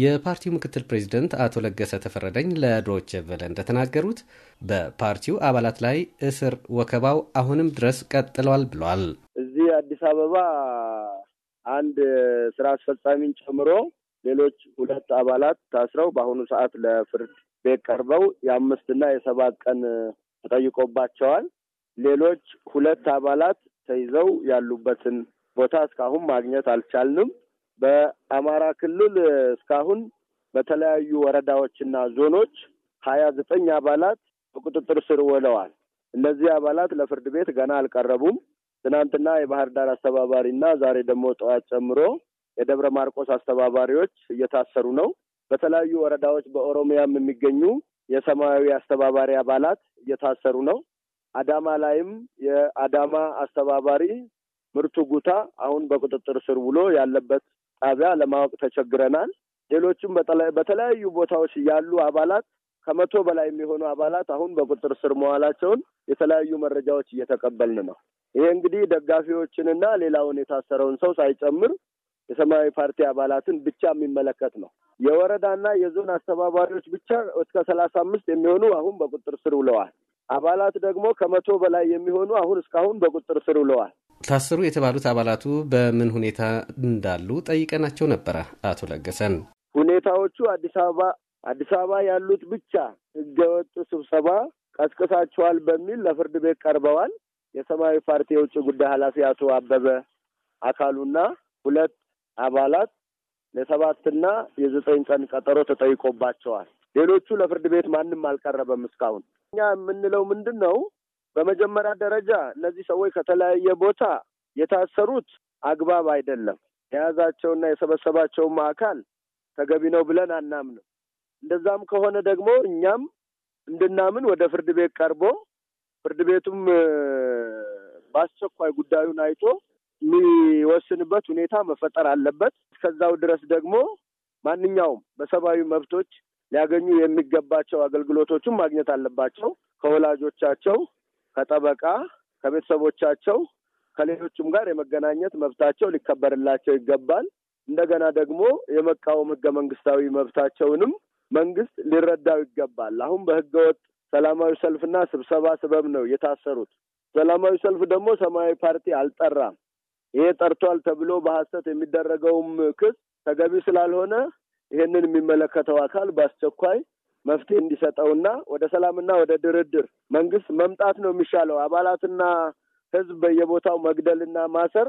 የፓርቲው ምክትል ፕሬዚደንት አቶ ለገሰ ተፈረደኝ ለዶይቼ ቨለ እንደተናገሩት በፓርቲው አባላት ላይ እስር ወከባው አሁንም ድረስ ቀጥሏል ብሏል። እዚህ አዲስ አበባ አንድ ስራ አስፈጻሚን ጨምሮ ሌሎች ሁለት አባላት ታስረው በአሁኑ ሰዓት ለፍርድ ቤት ቀርበው የአምስትና የሰባት ቀን ተጠይቆባቸዋል። ሌሎች ሁለት አባላት ተይዘው ያሉበትን ቦታ እስካሁን ማግኘት አልቻልንም። በአማራ ክልል እስካሁን በተለያዩ ወረዳዎችና ዞኖች ሀያ ዘጠኝ አባላት በቁጥጥር ስር ውለዋል። እነዚህ አባላት ለፍርድ ቤት ገና አልቀረቡም። ትናንትና የባህር ዳር አስተባባሪና ዛሬ ደግሞ ጠዋት ጨምሮ የደብረ ማርቆስ አስተባባሪዎች እየታሰሩ ነው። በተለያዩ ወረዳዎች በኦሮሚያም የሚገኙ የሰማያዊ አስተባባሪ አባላት እየታሰሩ ነው። አዳማ ላይም የአዳማ አስተባባሪ ምርቱ ጉታ አሁን በቁጥጥር ስር ውሎ ያለበት ጣቢያ ለማወቅ ተቸግረናል። ሌሎቹም በተለያዩ ቦታዎች ያሉ አባላት ከመቶ በላይ የሚሆኑ አባላት አሁን በቁጥር ስር መዋላቸውን የተለያዩ መረጃዎች እየተቀበልን ነው። ይሄ እንግዲህ ደጋፊዎችንና ሌላውን የታሰረውን ሰው ሳይጨምር የሰማያዊ ፓርቲ አባላትን ብቻ የሚመለከት ነው። የወረዳና የዞን አስተባባሪዎች ብቻ እስከ ሰላሳ አምስት የሚሆኑ አሁን በቁጥር ስር ውለዋል። አባላት ደግሞ ከመቶ በላይ የሚሆኑ አሁን እስካሁን በቁጥር ስር ውለዋል። ታሰሩ የተባሉት አባላቱ በምን ሁኔታ እንዳሉ ጠይቀናቸው ነበረ። አቶ ለገሰን ሁኔታዎቹ አዲስ አበባ አዲስ አበባ ያሉት ብቻ ህገወጥ ስብሰባ ቀስቅሳቸዋል በሚል ለፍርድ ቤት ቀርበዋል። የሰማያዊ ፓርቲ የውጭ ጉዳይ ኃላፊ አቶ አበበ አካሉና ሁለት አባላት ለሰባትና የዘጠኝ ቀን ቀጠሮ ተጠይቆባቸዋል። ሌሎቹ ለፍርድ ቤት ማንም አልቀረበም። እስካሁን እኛ የምንለው ምንድን ነው በመጀመሪያ ደረጃ እነዚህ ሰዎች ከተለያየ ቦታ የታሰሩት አግባብ አይደለም። የያዛቸውና የሰበሰባቸውም አካል ተገቢ ነው ብለን አናምንም። እንደዛም ከሆነ ደግሞ እኛም እንድናምን ወደ ፍርድ ቤት ቀርቦ ፍርድ ቤቱም በአስቸኳይ ጉዳዩን አይቶ የሚወስንበት ሁኔታ መፈጠር አለበት። እስከዛው ድረስ ደግሞ ማንኛውም በሰብአዊ መብቶች ሊያገኙ የሚገባቸው አገልግሎቶችን ማግኘት አለባቸው ከወላጆቻቸው ከጠበቃ ከቤተሰቦቻቸው ከሌሎቹም ጋር የመገናኘት መብታቸው ሊከበርላቸው ይገባል። እንደገና ደግሞ የመቃወም ህገ መንግስታዊ መብታቸውንም መንግስት ሊረዳው ይገባል። አሁን በህገወጥ ሰላማዊ ሰልፍና ስብሰባ ስበብ ነው የታሰሩት። ሰላማዊ ሰልፍ ደግሞ ሰማያዊ ፓርቲ አልጠራም። ይሄ ጠርቷል ተብሎ በሀሰት የሚደረገውም ክስ ተገቢ ስላልሆነ ይህንን የሚመለከተው አካል በአስቸኳይ መፍትሄ እንዲሰጠውና ወደ ሰላምና ወደ ድርድር መንግስት መምጣት ነው የሚሻለው። አባላትና ህዝብ በየቦታው መግደልና ማሰር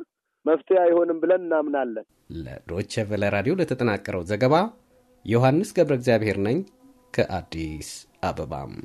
መፍትሄ አይሆንም ብለን እናምናለን። ለዶቼ ቬለ ራዲዮ ለተጠናቀረው ዘገባ ዮሐንስ ገብረ እግዚአብሔር ነኝ ከአዲስ አበባም